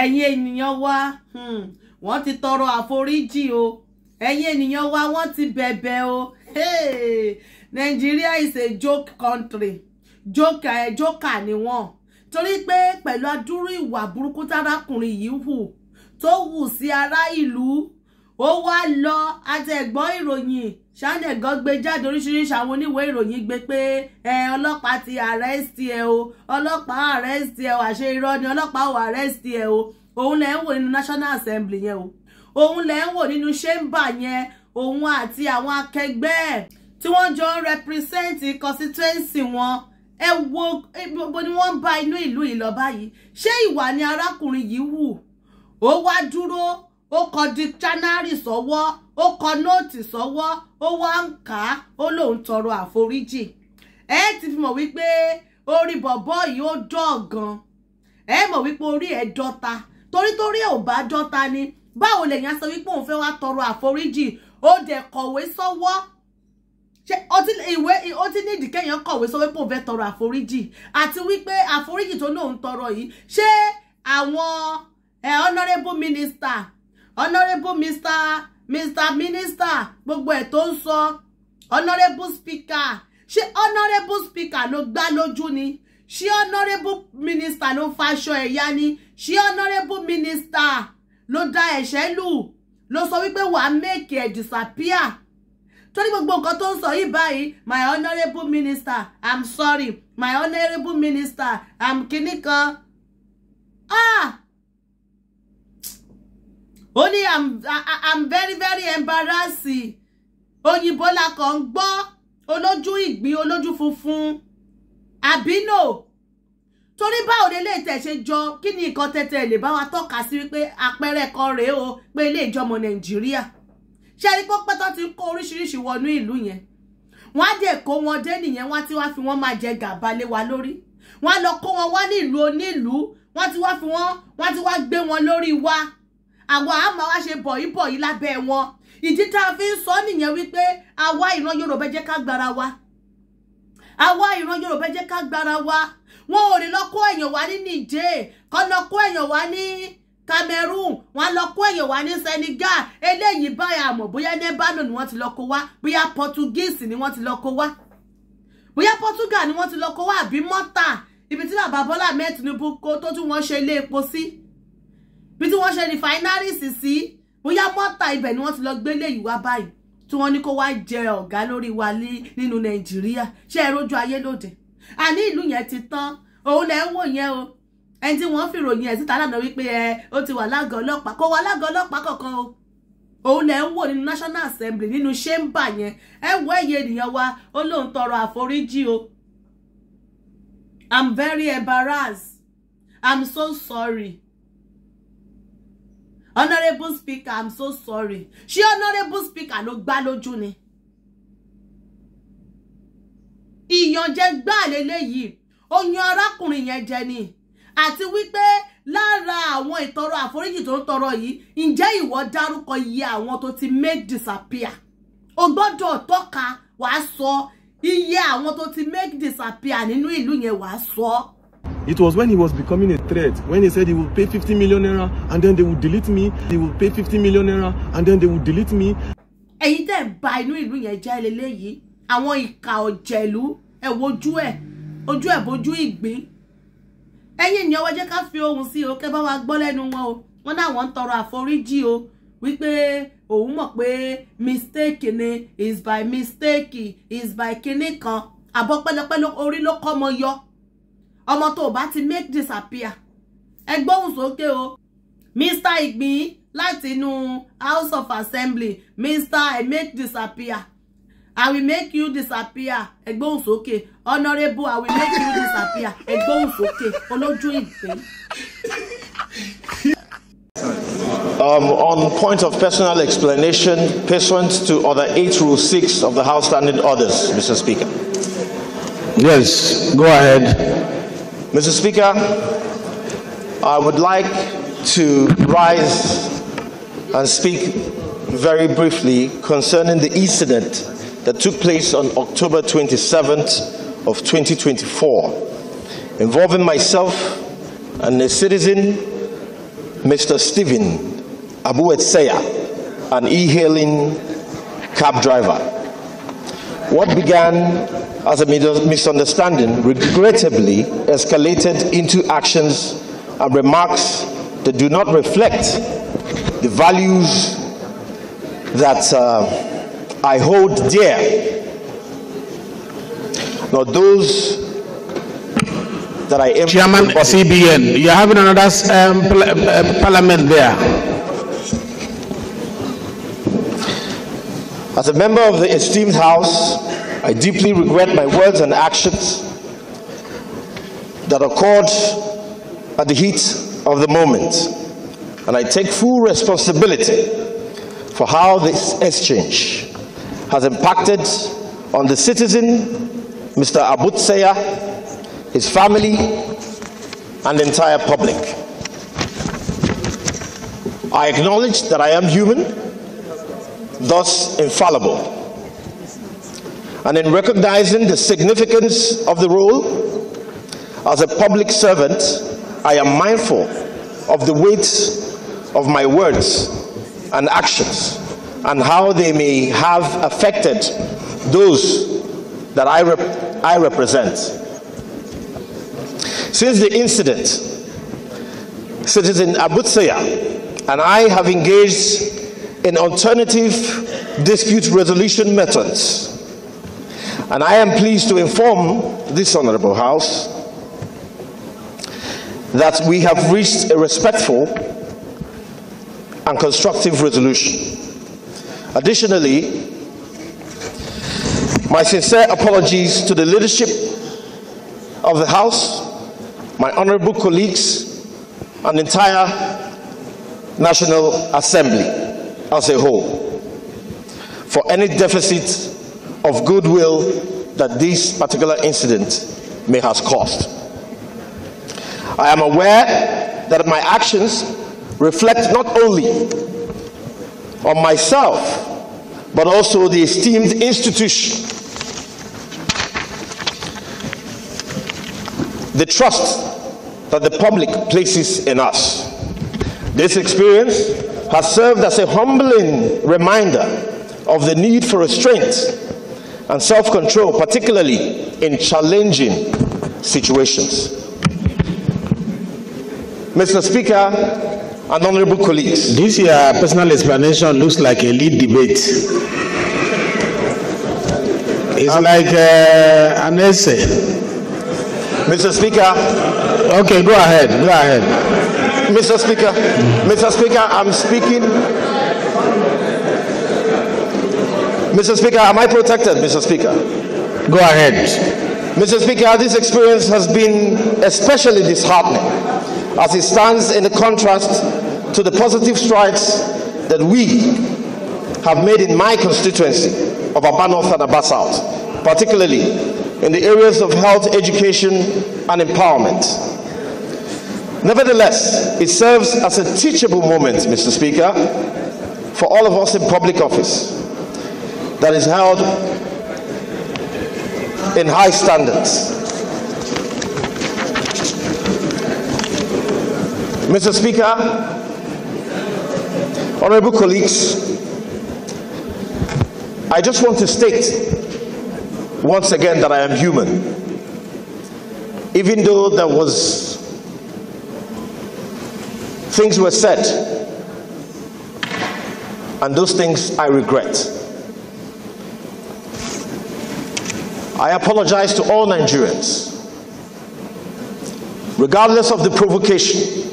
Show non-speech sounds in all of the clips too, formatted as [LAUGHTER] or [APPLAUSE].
ẹ̀yin ènìyàn wa hmm, wọ́n ti tọrọ àforíjì o ẹ̀yin ènìyàn wa wọ́n ti bẹ̀bẹ̀ o Nàìjíríà is a joke country Joke, ẹ̀ Joke, ni wọ́n torí pé pẹ̀lú adúrú ìwà burúkú tárákùnrin yìí hù tó hù sí ará ìlú ó wá lọ àtẹ̀gbọ́n ìròyìn ṣàǹdẹ̀gàn gbé jáde oríṣiríṣi àwọn oníwèé ìròyìn gbé pé ẹ ọlọ́pàá ti àrẹ́sì ẹ o ọlọ́pàá àrẹ́sì ẹ o àṣẹ irọ́ ni ọlọ́pàá ò àrẹ́sì ẹ o òun lẹ́ ń wò nínú National Assembly yẹn o òun lẹ́ ń wò nínú chamber yẹn òun àti àwọn akẹgbẹ́ ẹ̀ tí wọ́n jọ ń represent constituency wọn ẹ wo gbogbo ni wọ́n ń bá inú ìlú yìí lọ báyìí ṣé ìwà ni arákùnrin yìí hù ó wá dúró ó kọ dictionary sọ́wọ́ ó kọ nóòtì sọ́wọ́ ó wá ń kà á ó lóun tọrọ àforíjì ẹ ti fi mọ̀ wípé orí bọ̀bọ́ yìí ó dọ̀ gan ẹ mọ̀ wípé orí ẹ̀ dọ́ta torí torí ẹ̀ ò bá dọ́ta ni báwo lèèyàn sọ wípé òun fẹ́ wá tọrọ àforíjì ó dẹ̀ kọ̀wé sọ́wọ́ ṣe ìwé ó ti nídìí kéèyàn kọ̀wé sọ wípé òun fẹ́ tọrọ àforíjì àti wípé àforíjì tó lóun tọrọ yìí ṣé àwọn eh, honourable minister Honorable mr mr minister gbogbo ẹ̀ tó ń sọ honourable speaker ṣé Honorable speaker ló gbá lójú ni ṣé Honorable minister ló faṣọ ẹ̀yà ni ṣé honourable minister ló da ẹ̀ṣẹ́ lù ló sọ wípé wàá make ẹ̀ disappear torí gbogbo nǹkan tó ń sọ yìí báyìí my Honorable minister i'm sorry my Honorable minister i'm kìnnìkan ah ó ní i'm very very embarrassed. Only la kàn ń gbọ́ olójú ìgbín olójú funfun àbínò torí báwo lè tẹ̀ ṣe jọ kí ni nǹkan tẹ̀tẹ̀ lè bá wa tọ́ka sí wípé àpẹẹrẹ kan rèé o pé ilé ìjọmọ nàìjíríà ṣe rí pé pẹ́tọ́ ti ń kó oríṣiríṣi wọnú ìlú yẹn wọ́n á dẹ̀ kó wọn dé nìyẹn wọ́n á ti wá fi wọ́n máa jẹ gàba lé wa lórí wọ́n á lọ kó wọn wá nílùú onílùú wọ́n ti wá fi wọ́n wọ́n ti wá gbé wọn lórí wa àwọn àmọ́ wa ṣe bọ̀yì bọ̀yì lábẹ́ wọn ìdí tá a fi ń sọ nìyẹn wípé àwa ìran Yorùbá jẹ́ ká gbára wa àwa ìran Yorùbá jẹ́ ká gbára wa wọn ò lè lọ kó èèyàn wá ní Niger kọ́ lọ kó èèyàn wá ní Cameroon wọn lọ kó èèyàn wá ní Senegal eléyìí báyà àmọ́ bóyá nebano ni wọ́n ti lọ kó wá bóyá Portuguese ni wọ́n ti lọ kó wá bóyá Portugal ni wọ́n ti lọ kó wá àbí mọ́tà ibi tí bàbá Bọ́lá mẹ́tìnúbù kó tó tún wọ́n ṣe ilé epo sí. Si bí tí wọ́n ṣe refineries sí bóyá mọ́tà ibẹ̀ ni wọ́n ti lọ gbélé yìí wá báyìí tí wọ́n ní kó wá jẹ ọ̀gá lórí wa nínú nàìjíríà ṣé ẹ rójú ayé lóde àní ìlú yẹn ti tán òun lẹ ń wò yẹn o ẹni tí wọ́n fi ròyìn ẹ̀ síta lánàá wípé ẹ ó ti wà lágọ̀ọ́ ọlọ́pàá kó wà lágọ̀ọ́ ọlọ́pàá kankan o òun lẹ ń wò nínú national assembly nínú ṣẹ́ńbà yẹn ẹ wọ ẹyẹ ènìyàn wa ó lóun tọrọ àforíjì o i'm very embarrassed i'm so sorry honourable speaker i'm so sorry ṣé honourable speaker ló gbá lójú ni ìyànjẹ gbáà lélẹ́yìí oyin arákùnrin yẹn jẹ ni àti wípé lára àwọn ìtọrọ àforíjì tó ń tọrọ yìí ǹjẹ́ ìwọ dárúkọ iye àwọn tó ti make disappear o gbọ́dọ̀ tọ́ka wàá sọ iye àwọn tó ti make disappear nínú ìlú yẹn wàá sọ ọ́. It was when he was becoming a threat, when he said he would pay 50 million naira and then they would delete me, they would pay 50 million naira and then they would delete me. Ẹ̀yin tẹ́ ń ba inú ìlú yẹn jẹ́ eléyìí, àwọn ìkà ọ̀jẹ̀lú ẹ̀ wojú ẹ̀, ojú ẹ̀ bojú ìgbín. Ẹ̀yin ènìyàn wá jẹ́ ká fi ohùn si o, ke ba wa gbọ́ lẹ́nu wọn o, wọ́n náà wọ́n ń tọrọ àforíjì o, wípé òun mọ̀ pé mistake ni is by mistake is by kinní kan, lo ori lo ko mo yo ọmọ tó bá ti make disappear ẹgbóhùn sókè o mr igbin láti inú house of assembly mr i make disappear i will make you disappear ẹgbóhùn sókè honourable i will make you disappear ẹgbóhùn sókè olójú ìgbín. Um, on point of personal explanation, pursuant to Order Eight Rule Six of the House Standing Orders, Mr. Speaker. Yes, go ahead. Mr. Speaker, I would like to rise and speak very briefly concerning the incident that took place on October 27th of 2024 involving myself and a citizen, Mr. Stephen Abu Etseya, an e-hailing cab driver. What began as a misunderstanding regrettably escalated into actions and remarks that do not reflect the values that uh, I hold dear, nor those that I am. Chairman CBN, you're having another um, uh, parliament there. As a member of the esteemed House, I deeply regret my words and actions that occurred at the heat of the moment. And I take full responsibility for how this exchange has impacted on the citizen, Mr. Abutseya, his family, and the entire public. I acknowledge that I am human, thus infallible. And in recognizing the significance of the role, as a public servant, I am mindful of the weight of my words and actions and how they may have affected those that I, rep I represent. Since the incident, citizen Abutsaya and I have engaged in alternative dispute resolution methods and I am pleased to inform this Honorable House that we have reached a respectful and constructive resolution. Additionally, my sincere apologies to the leadership of the House, my honorable colleagues, and the entire National Assembly as a whole for any deficits of goodwill that this particular incident may have caused. I am aware that my actions reflect not only on myself, but also the esteemed institution, the trust that the public places in us. This experience has served as a humbling reminder of the need for restraint and self control, particularly in challenging situations. Mr. Speaker and honorable colleagues. This personal explanation looks like a lead debate. it's um, like uh, an essay. Mr. Speaker. Okay, go ahead. Go ahead. Mr. Speaker, Mr. Speaker, I'm speaking Mr. Speaker, am I protected, Mr. Speaker? Go ahead. Mr. Speaker, this experience has been especially disheartening as it stands in the contrast to the positive strides that we have made in my constituency of Aba North and Aba South, particularly in the areas of health, education, and empowerment. Nevertheless, it serves as a teachable moment, Mr. Speaker, for all of us in public office that is held in high standards. Mr. Speaker, honorable colleagues, I just want to state once again that I am human. Even though there was things were said and those things I regret. I apologize to all Nigerians. Regardless of the provocation,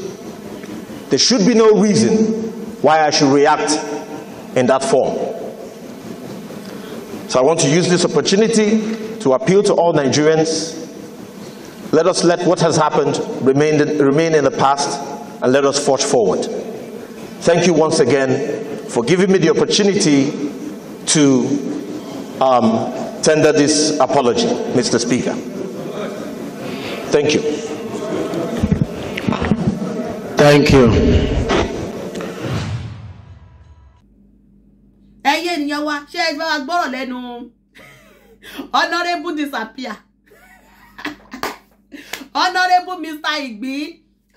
there should be no reason why I should react in that form. So I want to use this opportunity to appeal to all Nigerians. Let us let what has happened remain, remain in the past and let us forge forward. Thank you once again for giving me the opportunity to um, tender this apology, Mr. Speaker. Thank you. Thank you. ẹyẹ ènìyàn wa ṣé ẹ bá gbọ́rọ̀ lẹ́nu [LAUGHS] honourable disappear [LAUGHS] honourable mr Igbin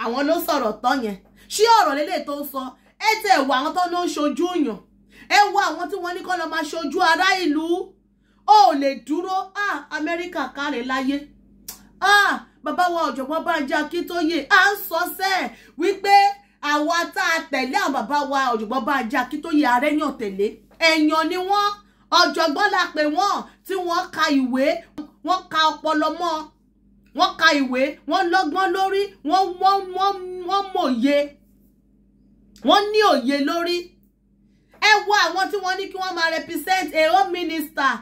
àwọn ló sọ̀rọ̀ tán yẹn ṣé ọ̀rọ̀ lélẹ̀ tó ń sọ ẹ tẹ̀ wọ àwọn tó ń ṣojú yàn ẹ wọ àwọn tí wọ́n ní kọ́ lọ́ọ́ máa ṣojú ará ìlú ó lè dúró ah amẹ́ríkà káre láyé ah bàbá wa ọ̀jọ̀gbọ́n Bánjí Akíntóyè à ń sọ sẹ́ẹ̀ wípé àwa tá a tẹ̀lé àwọn bàbá wa ọ̀jọ̀gbọ́n Bánjí Akíntóyè arẹ́yàn tẹ̀lé ẹ̀yàn ni wọ́n ọ̀jọ̀gbọ́n la pè wọ́n tí wọ́n ka ìwé wọ́n ka ọpọlọ mọ́ wọ́n ka ìwé wọ́n lọ́gbọ́n lórí wọ́n wọ́n wọ́n wọ́n mòye wọ́n ní òye lórí ẹ wo àwọn tí wọ́n ní kí wọ́n máa represent a home minister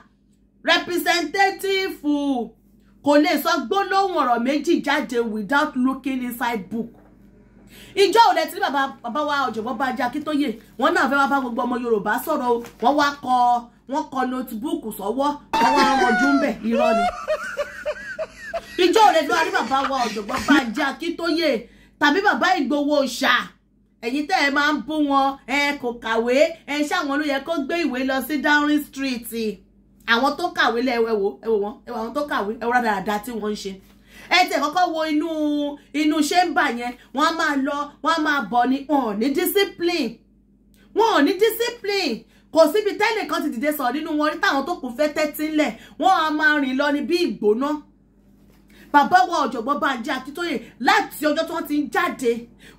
representative kò lè sọ gbólóhùn ọ̀rọ̀ méjì jáde without looking inside book ìjọ ò lẹ́tí bàbá bàbá wa ọ̀jọ̀gbọ́n bá jẹ́ akíntóyè wọ́n náà fẹ́ wá bá gbogbo ọmọ yorùbá sọ̀rọ̀ o wọ́n wá kọ wọ́n kọ notebook sọ́wọ́ wọ́n wá rọjú ń bẹ̀ irọ́ ni. ìjọ ò lẹ́tí wàá rí bàbá wa ọ̀jọ̀gbọ́n bá jẹ́ akíntóyè tàbí bàbá ìgbowó ṣà ẹ̀yin tẹ́ ẹ máa ń bú wọn ẹ kò kàwé ẹ ṣáwọn ló yẹ kó gbé ìwé lọ sí Downing Street àwọn tó kàwé lẹ ẹwẹ wo ẹwọ wọn ẹwọ àwọn tó kàwé ẹwọ rádaràda tí wọ́n ń ṣe ẹ tẹ kọ́kọ́ wo inú inú ṣẹmbà yẹn wọ́n á máa lọ wọ́n á máa bọ̀ ni wọn ò ní discipline wọn ò ní discipline kò síbi tẹ́lẹ̀ kan ti dìde sọ̀rọ̀ nínú wọn rí táwọn tó kù fẹ́ tẹ́tí ńlẹ̀ wọ́n á máa rìn lọ ní bí ìgbóná bàbá wa ọ̀jọ̀gbọ́n Bánjí Akíntóyè láti ọjọ́ tí wọ́n ti ń jáde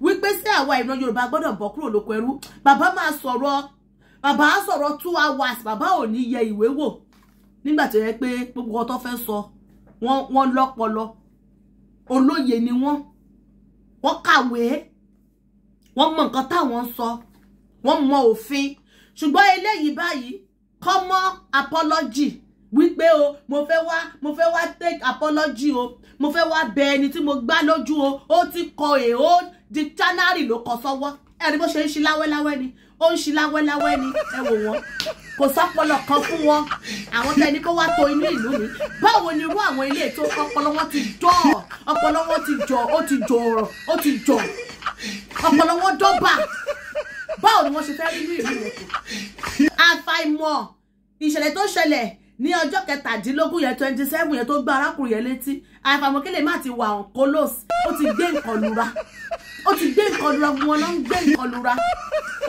wípé sí àwa ìran Yorùbá gbọ́dọ̀ bọ́ kúrò lóko ẹrú bàbá máa sọ̀rọ̀ bàbá á sọ̀rọ̀ two hours bàbá ò ní yẹ ìwé wò nígbà tó yẹ pé gbogbo ọtọ́ fẹ́ sọ wọ́n lọ́pọlọ olóye ni wọ́n wọ́n kàwé wọ́n mọ nǹkan táwọn sọ wọ́n mọ òfin ṣùgbọ́n eléyìí báyìí kọ́mọ́ apology wípé o mo fẹ́ wá mo fẹ́ wá take apology o mo fẹ́ wá bẹ ẹni tí mo gbá lójú o ó ti kọ èho dictionary ló kọ sọ́wọ́ ẹni bó ṣe ń ṣe láwẹ́láwẹ́ ni ó ń ṣi láwẹ́láwẹ́ ni ẹ wò wọ́n kò sọ́pọlọ kan fún wọn àwọn tẹni kó wá to inú ìlú mi báwo ni irú àwọn ilé ètò ọpọlọ wọn ti dọ̀ ọpọlọ wọn ti jọ ó ti jọrọ ó ti jọ ọpọlọ wọn dọ́bà báwo ni wọ́n ṣe fẹ́ rí inú ìlú rẹ̀ kù àfàìmọ̀ ìṣẹ̀lẹ̀ tó ṣẹlẹ̀ ní ọjọ́ kẹtàdínlógún yẹn twenty seven yẹn tó gbá arákùnrin yẹn létí àìfàmọ́ kí lè má ti wà on colos ó ti gbé nǹkan lura ó ti gbé nǹkan lura wọn ló ń gbé nǹkan lura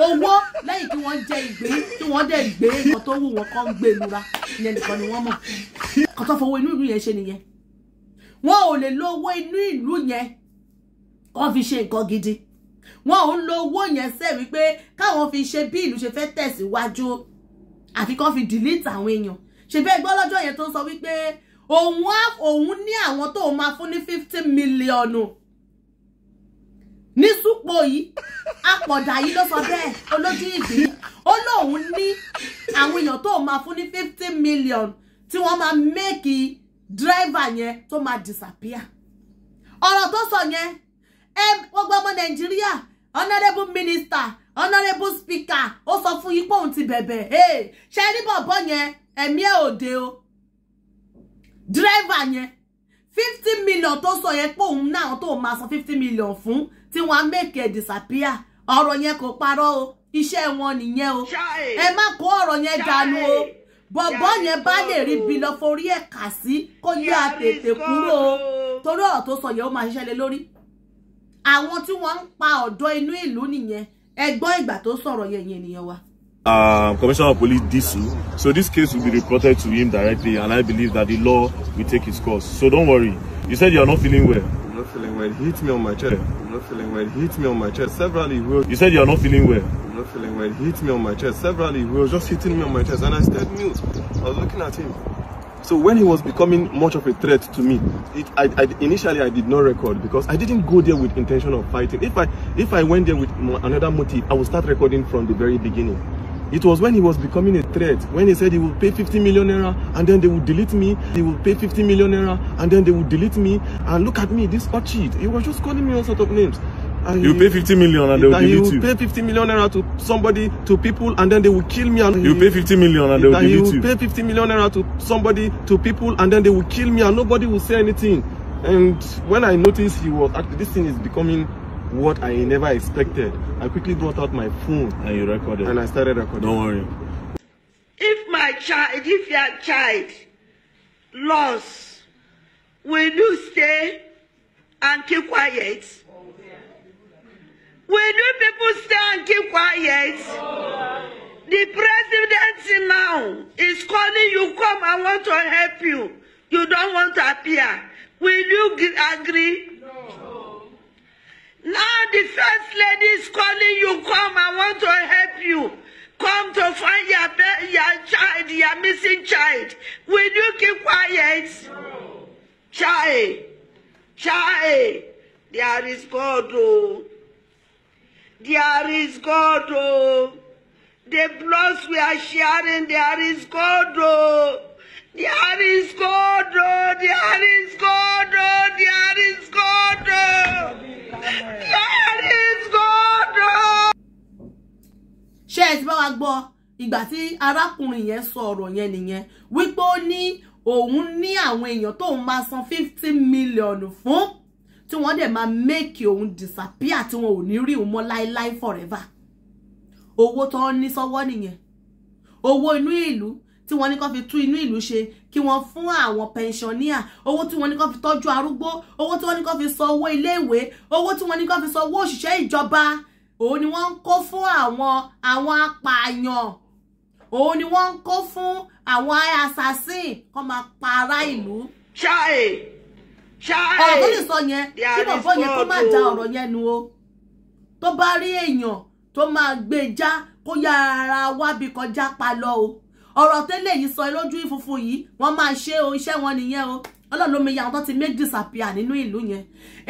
owó lẹ́yìn kí wọ́n jẹ ìgbé kí wọ́n dẹ̀ gbé nǹkan tó wù wọ́n kọ́ ń gbé lura ìyẹn nìkan ni wọ́n mọ̀ kọ́tọ́ fowó inú ìlú yẹn ṣe nìyẹn wọn ò lè lo owó inú ìlú yẹn kọ́ fi ṣe nǹkan gidi wọn ò ń lo owó yẹn sẹ́ wípé káwọn fi ṣe bí ìlú ṣe fẹ́ tẹ̀síwájú àfi fi dìlítà àwọn èèyàn ṣèbí ẹgbẹ́ ọlọ́jọ́ yẹn tó ń sọ wípé òun á òun ní àwọn tó máa fún ní fifty mílíọ̀nù ní súpò yìí apọ̀dà yìí ló sọ bẹ́ẹ̀ olójú ìgbín ó lóun ní àwọn èèyàn tó máa fún ní fifty mílíọ̀nù tí wọ́n máa mẹ́kì dírẹ́fà yẹn tó máa disappear ọ̀rọ̀ tó sọ yẹn ẹ gbogbo ọmọ nàìjíríà honourable minister honourable speaker ó sọ fún yín pé òun ti bẹ̀bẹ̀ ṣe é rí yẹn ẹ̀mí ẹ̀ òde o dírẹ́fà yẹn fifty million tó sọ yẹn pé òun náà tó máa san fifty million fún tí wọ́n á make ẹ̀ disappear ọ̀rọ̀ yẹn kò parọ́ o iṣẹ́ wọn nìyẹn o ẹ má kó ọ̀rọ̀ yẹn dànù o bọ̀bọ̀ yẹn bá lè rí bí lọ forí ẹ̀ kà sí kó yẹ àtètè kúrò o torí ọ̀rọ̀ tó sọ yẹn ó máa ṣiṣẹ́ lé lórí àwọn tí wọ́n ń pa ọ̀dọ́ inú ìlú nìyẹn ẹgbọ́n ìgbà tó sọ̀rọ̀ yẹn yẹn nìyẹn wa. um, Commissioner of Police Disu. So this case will be reported to him directly, and I believe that the law will take its course. So don't worry. You said you are not feeling well. I'm not feeling well. He hit me on my chest. I'm not feeling well. He hit me on my chest. Severally, he You said you are not feeling well. I'm not feeling well. He hit me on my chest. Severally, he was just hitting me on my chest, and I stayed mute. I was looking at him. So when he was becoming much of a threat to me, it, I, I, initially I did not record because I didn't go there with intention of fighting. If I if I went there with another motive, I would start recording from the very beginning. It was when he was becoming a threat, when he said he will pay 50 million naira and then they will delete me, He will pay 50 million naira and then they will delete me. And look at me, this orchid. He was just calling me all sort of names. And you he, pay 50 million and they will delete you. You pay 50 million naira to somebody, to people, and then they will kill me. And you he, pay 50 million and they will delete you. You pay 50 million naira to somebody, to people, and then they will kill me, and nobody will say anything. And when I noticed he was, this thing is becoming what I never expected. I quickly brought out my phone. And you recorded. And I started recording. Don't worry. If my child, if your child lost, will you stay and keep quiet? Will you people stay and keep quiet? The presidency now is calling you, come, I want to help you. You don't want to appear. Will you agree? Now the first lady is calling you, come, I want to help you. Come to find your, your child, your missing child. Will you keep quiet? No. Child, child, there is God, oh. There is God, oh. The bloods we are sharing, there is God, oh. There is God, oh, there is God, oh, there is God, oh, there is God, oh. Ṣé ẹ ti bá wa gbọ́ ìgbà tí arákùnrin yẹn sọ ọ̀rọ̀ yẹn nìyẹn wípé ó ní òun ní àwọn èèyàn tóun máa san fifty million fún tí wọ́n dẹ̀ máa make òun disappear tí wọn ò ní rí òun mọ́ láéláé forever owó tó ń ní sọ́wọ́ nìyẹn owó inú ìlú tí wọ́n ní kó fi tú inú ìlú ṣe kí wọ́n fún àwọn pẹnṣọ́níà owó tí wọ́n ní kó fi tọ́jú arúgbó owó tí wọ́n ní kó fi san owó iléèwé owó tí wọ́n ní kó fi san owó òṣìṣẹ́ ìjọba òun ni wọ́n ń kó fún àwọn àwọn apààyàn òun ni wọ́n ń kó fún àwọn assassin kó máa pa ará ìlú. ṣáì ṣáì ọ̀rọ̀ tó lè sọ yẹn kí bọ̀bọ̀ yẹn kó má da oh. ọ̀rọ̀ yẹn nu o tó bá rí èèyàn tó máa gbé e já kó yára wábi kọjá pa lọ o ọ̀rọ̀ tẹ́lẹ̀ yìí sọ lójú funfun yìí wọ́n máa ṣe o iṣẹ́ wọn nìyẹn o ọlọ́run ló mi ya ọ̀tọ́ ti make disappear nínú ìlú yẹn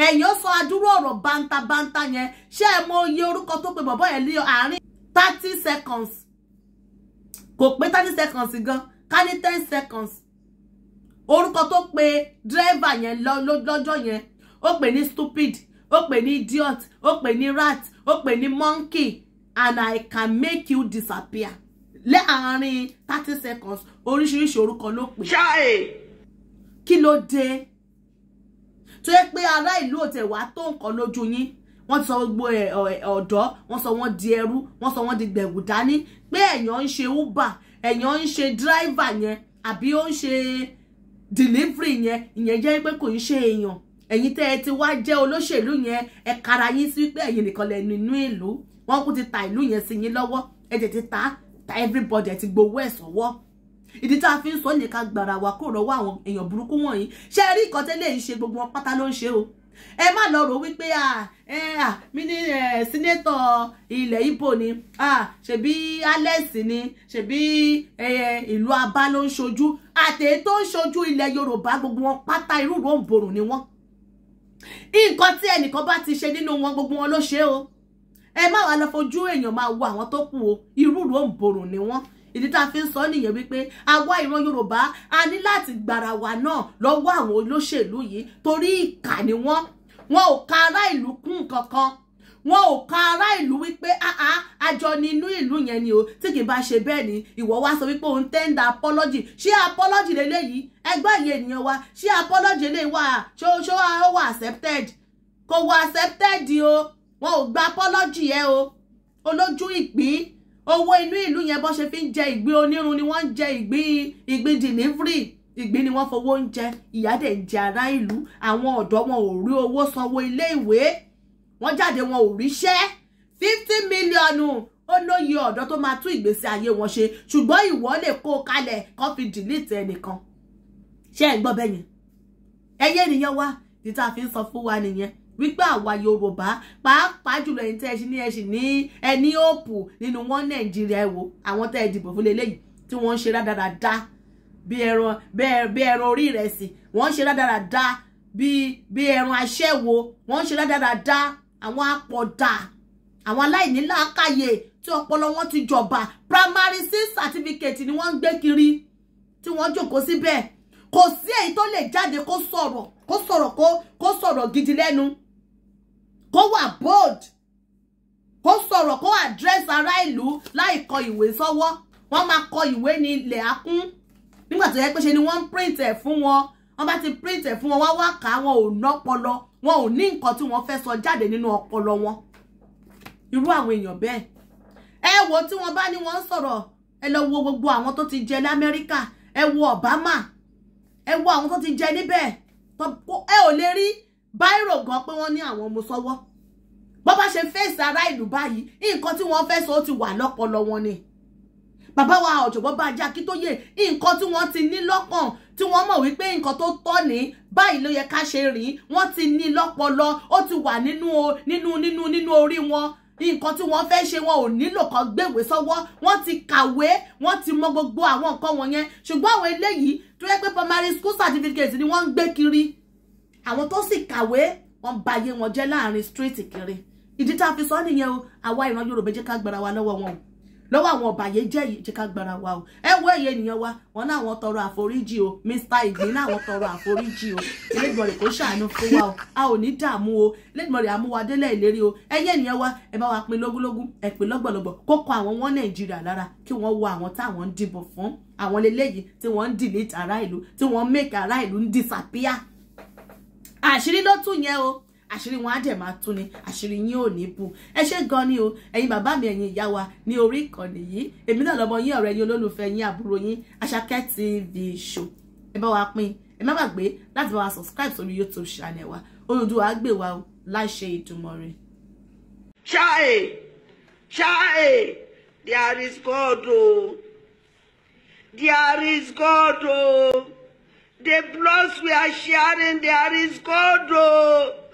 èèyàn sọ adúrú ọ̀rọ̀ bántabántá yẹn ṣé ẹ mọ iye orúkọ tó pe bọ̀bọ̀ yẹn lé àárín thirty seconds kò pé thirty seconds gan ká ní ten seconds orúkọ tó pe dírẹ́fà yẹn lọ́jọ́ yẹn ó pè ní stupid ó pè ní idiot ó pè ní rat ó pè ní monkey and I can make you disappear láàárín thirty seconds oríṣiríṣi orúkọ ló pè. kí ló dé tó yẹ pé ará ìlú òtẹ̀ wá tó nǹkan lójú yín wọ́n sọ gbogbo ọ̀dọ́ wọ́n sọ wọ́n di ẹrú wọ́n sọ wọ́n di gbẹ̀gùn dání pé èèyàn ń ṣe uber èèyàn ń ṣe driver yẹn àbí ó ń ṣe delivery yẹn ìyẹn jẹ́ pé kò ń ṣe èèyàn ẹ̀yin tẹ́ ẹ ti wá jẹ́ olóṣèlú yẹn ẹ kara yín sí pé ẹ̀yin nìkan lẹ́nu inú ìlú wọ́n kú ti ta ìlú yẹn sí yín lọ́wọ́ ẹ tètè ta ta everybody ti gbowó ẹ̀ sọ́wọ́ ìdí tá a fi ń sọ ní ká gbàrà wà kó rọwọ́ àwọn èèyàn burúkú wọ̀nyí ṣé ẹ rí nǹkan tẹ́lẹ̀ yìí ṣe gbogbo wọn pátá ló ń ṣe o ẹ má lọ rò wípé à ẹ à mí ní ẹ sínétọ̀ ilẹ̀ ibo ni à ṣebí Alex ni ṣebí ẹ ìlú abá ló ń ṣojú àtẹ tó ń ṣojú ilẹ̀ Yorùbá gbogbo wọn pátá irú ròǹbòrò ni wọ́n nǹkan tí ẹnìkan bá ti ṣe nínú wọn gbogbo wọn ló ṣe o ẹ má wàá lọ fojú èèyàn máa wo àwọn tó kù o irú ìró ń borùn ni wọ́n ìdí tá a fi ń sọ nìyẹn wípé àwa ìran yorùbá a ní láti gbàrà wà náà lọ́wọ́ àwọn olóṣèlú yìí torí ìkà ni wọ́n wọn ò ka ará ìlú kún kankan wọn ò ka ará ìlú wípé àá àjọ ni inú ìlú yẹn ni o tí kì í bá ṣe bẹ́ẹ̀ ni ìwọ wá sọ wípé òun tẹ́ńdà apology ṣé apology lélẹ́yìí ẹgbẹ́ yìí ènìyàn wa ṣé apology lè wà ṣó ṣó ó wà accepted kò wà accepted o wọn ò gba apọ́lọ́jì ẹ o olójú ìpín owó inú ìlú yẹn bó ṣe fi ń jẹ ìgbín onírun ni wọ́n ń jẹ ìgbín ìgbín delivery ìgbín ni wọ́n fowó ń jẹ ìyà dẹ̀ ń jẹ ará ìlú àwọn ọ̀dọ́ wọn ò rí owó sanwó ilé ìwé wọ́n jáde wọn ò ríṣẹ́ fifty mílíọ̀nù ó lóye ọ̀dọ́ tó máa tún ìgbésí ayé wọn ṣe ṣùgbọ́n ìwọ lè kó o kalẹ̀ kó fi dìlítì ẹnìkan ṣé ẹ̀ ń gbọ́ bẹ́yẹn ẹyẹ ènìyàn wa ní tá a fi ń sọ fún wa nìyẹn wípé àwa yorùbá pàápàá jùlọ ẹni tẹ́ ẹ ṣe ní ẹ ṣì ní ẹ ní òpù nínú wọn nàìjíríà ẹ wò àwọn tẹ́ ẹ dìbò fún lélẹ́yìí tí wọ́n ń ṣe rádaràda bí ẹran bí ẹran orí ìrẹsì wọ́n ń ṣe rádaràda bí bí ẹran aṣẹ́wó wọ́n ń ṣe rádaràda àwọn apọ̀dà àwọn aláìní tí ọpọlọ wọn ti jọba primary six certificate ni wọ́n ń gbé kiri tí wọ́n jókòó síbẹ̀ kò sí èyí tó lè jáde kó sọ̀rọ̀ kó sọ̀rọ̀ kó sọ̀rọ̀ gidi lẹ́nu kó wà bold kó sọ̀rọ̀ kó address ará ìlú láì kọ ìwé sọ́wọ́ wọ́n máa kọ ìwé ní ilẹ̀ akún nígbà tó yẹ pé ṣe ni wọ́n ń print ẹ̀ fún wọn wọ́n bá ti print ẹ̀ fún wọn wá wá kà á wọn ò nọ́pọlọ wọn ò ní nǹkan tí wọ́n fẹ́ sọ jáde nínú ọpọlọ wọn irú àwọn èèyàn bẹ́ẹ̀ ẹ wo tí wọ́n bá ní wọ́n sọ̀rọ̀ ẹ lọ wo gbogbo àwọn tó ti jẹ l'Amẹ́ríkà ẹ wo Obama ẹ wo àwọn tó ti jẹ níbẹ̀ ẹ ò lè rí báírò gan pé wọ́n ní àwọn ọmọ sọ́wọ́ bọ́ bá ṣe fèsì ará ìlú báyìí nǹkan tí wọ́n fẹ́ sọ ó ti wà lọ́pọlọ wọn ni bàbá wa ọ̀jọ̀gbọ́n Bánjí Akíntóyè nǹkan tí wọ́n ti ní lọ́kàn tí wọ́n mọ̀ wípé nǹkan tó tọ́ ní báyìí ló yẹ ká ṣe rìn wọ́n ti ní lọ́pọlọ ó ti wà nínú nínú nínú nínú orí wọn nǹkan tí wọ́n fẹ́ ṣe wọn ò nílò kan gbèwé sọ́wọ́ wọ́n ti kàwé wọ́n ti mọ gbogbo àwọn nǹkan wọ̀nyẹn ṣùgbọ́n àwọn eléyìí tó yẹ pé primary school certificate ni wọ́n ń gbé kiri àwọn tó sì kàwé wọn ń ba ayé wọn jẹ́ láàrin street kiri ìdí tá a fi sọ nìyẹn o àwa ìran Yorùbá jẹ́ ká gbára wa lọ́wọ́ wọn o lọ́wọ́ àwọn ọ̀bàyé jẹ́ yìí jẹ́ ká gbára wa o ẹ wo èyí ènìyàn wa wọn náà wọn tọrọ àforíjì o Mr Igbin náà wọn tọrọ àforíjì o Elédùmarè kó ṣàánú fún wa o a ò ní dààmú o Elédùmarè amúwadélẹ̀ ìlérí o ẹyẹ ènìyàn wa ẹ bá wa pín lógúnlógún ẹ pín lọ́gbọ̀lọ́gbọ̀ kó kọ àwọn wọn Nàìjíríà lára kí wọ́n wo àwọn táwọn ń dìbò fún àwọn lélẹ́yìí tí wọ́n ń delete ará ìlú tí wọ́n ń make ará ìlú ń disappear àṣírí ló tún yẹn o àṣírí wọn á dẹ̀ máa tún ni àṣírí yín ò ní bù ẹ ṣé gan ni o ẹ̀yin bàbá mi ẹ̀yin ìyá wa ní orí ìkànnì yìí èmi náà lọ́mọ yín ọ̀rẹ́ yín olólùfẹ́ yín àbúrò yín Àṣàkẹ́ TV show ẹ bá wa pín ẹ má gbàgbé láti bá wa subscribe sórí YouTube channel wa Olùduwà gbè wá o láṣẹ Ìdùmarè. ṣáì ṣáì there is God o there is God o. The bloods we are sharing, there is God. Oh.